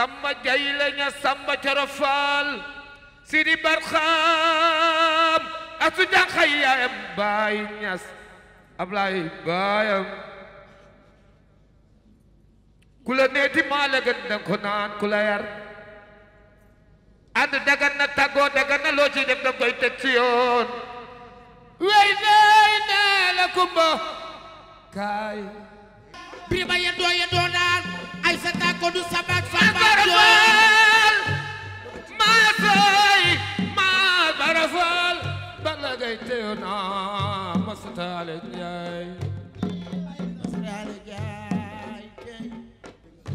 samba jayle ña samba coro faal sidi barxaam asu jànxay yaayam baay ñas ablaay baayam ku la neeti maa la gën danga ko naan ku la yar dagan na tàggoo dagan na loo ci def danga koy teg ci yoon wey nay la kumba biriba yendoo yendoo naan ay sa tàkko du sabaat faa baa jool maa sey maa barafal ma sa taale njaay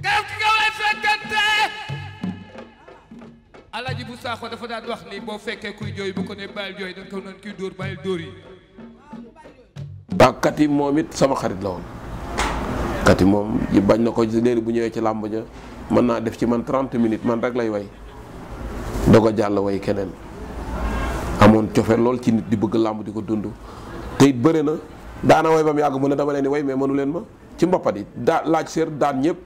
gaw ki nga way fekkante alaaji bu saaxo dafa daan wax ni boo fekkee kuy jooy bu ko ne bàyyil jooy danga ko naan kuy dóor bàyyil dóor yi bàkkat moom it sama xarit la woon kat yi moom bañ na ko léegi bu ñëwee ci làmb ja mën naa def ci man 30 minutes man rek lay way doog a jàll way keneen amoon cofe lool ci nit di bëgg làmb di ko dund te it bëre na daana way ba yàgg mu ne dama leen di way mais mënu leen ma ci mbappat yi daa laaj séer daan ñëpp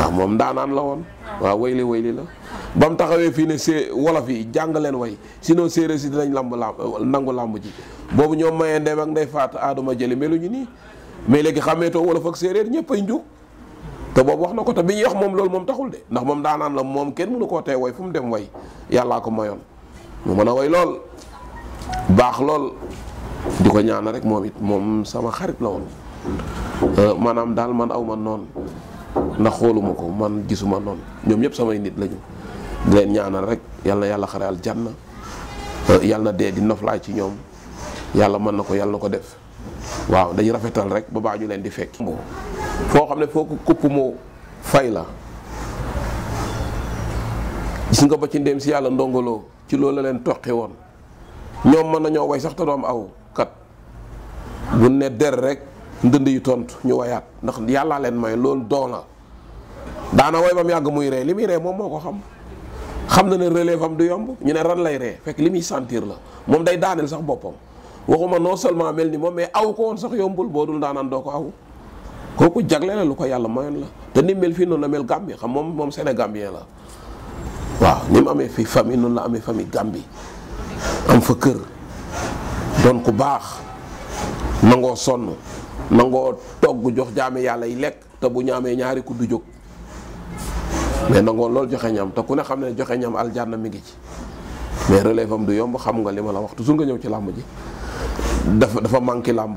waaw moom daanaan la woon waaw wayli wayli la ba mu taxawee fii ne sé wolof yi jàng leen way sinon séeréer si dinañ lamb lamb nangu làmb ji boobu ñoom mayee ndeem ak ndey faat aaduma jëli meluñu nii mais léegi xàmmeetoo wolof ak séeréer ñëpp ay nju te boobu wax na ko te bi ñu wax moom loolu moom taxul de ndax moom daanaan la moom kenn mënu koo tee woy fu mu dem way yàllaa ko mayoon mu a way lool baax lool di ko ñaana rek moom it moom sama xarit la woon euh, maanaam daal man aw ma noonu ndax xooluma ko man gisuma noonu ñoom ñëpp samay nit lañu di leen ñaanal rek yal yàlla xaral jànna euh, yal na dee di noflaay ci ñoom yàlla mën na ko yàlla na ko def waaw dañuy rafetal rek ba baa ñu leen di fekk. foo xam ne foo ko kupp mu fay la si nga ba ci ndéem si yàlla ndongoloo ci loolu la leen toqi woon ñoom mën nañoo way sax te doom aw kat bu ne der rek ndënd yu tontu ñu wayaat ndax yàllaa leen may loolu doon la daana way ba yàgg muy ree li muy ree moom moo ko xam xam na ne relève am du yomb ñu ne ran lay ree fekk li muy sentir la moom day daaneel sax boppam. waxuma non seulement mel ni moom mais aw ko woon sax yombul boo dul daanaan doo ko aw kooku jagle la lu ko yàlla mayoon la te ni mel fii noonu la mel Gambie xam moom moom Sénégambien la waaw amee fii famille noonu amee famille Gambie am fa kër doon ku baax nangoo sonn nangoo togg jox jaame yàlla yi lekk te bu ñu amee ñaari ku jóg mais nangoo loolu joxe ñam te ku ne xam ne joxe ñam aljanna mi ngi ci mais relève am du yomb xam nga li ma la wax toujours nga ñëw ci làmb ji dafa dafa manqué làmb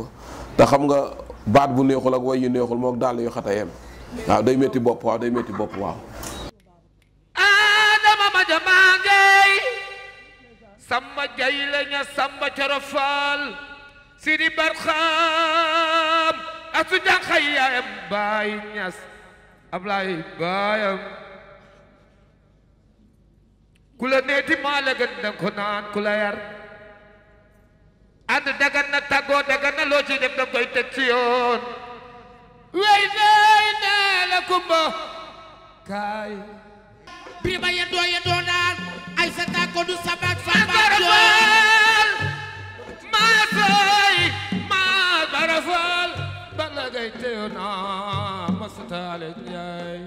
te xam nga baat bu neexul ak way yu neexul moom daal yu xata waaw day métti bopp waaw day métti bopp waaw aadama ma jamaa ngay samba jay laña samba corofal sidi barxam asu jànxay yaayam baay ñas ablaay baayam ku la neeti maa la gën naan ku la yar ànd dagan na tàggoo dagan loo ci def da koy teg ci wey day nee la kumba kaay birima yendoo yendoo naan ay sa tàggoo du sabaat faamaat yoon maa sey maa barafal bala gay teyo naa masataale njaay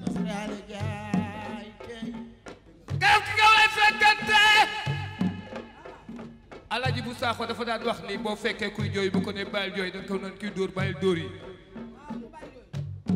masataale njaay gaw ki gaw ay alaaji bu saaxo dafa daan wax ni boo fekkee kuy jooy bu ko ne bàyyil jooy da ko naan dóor bàyyil dóor yi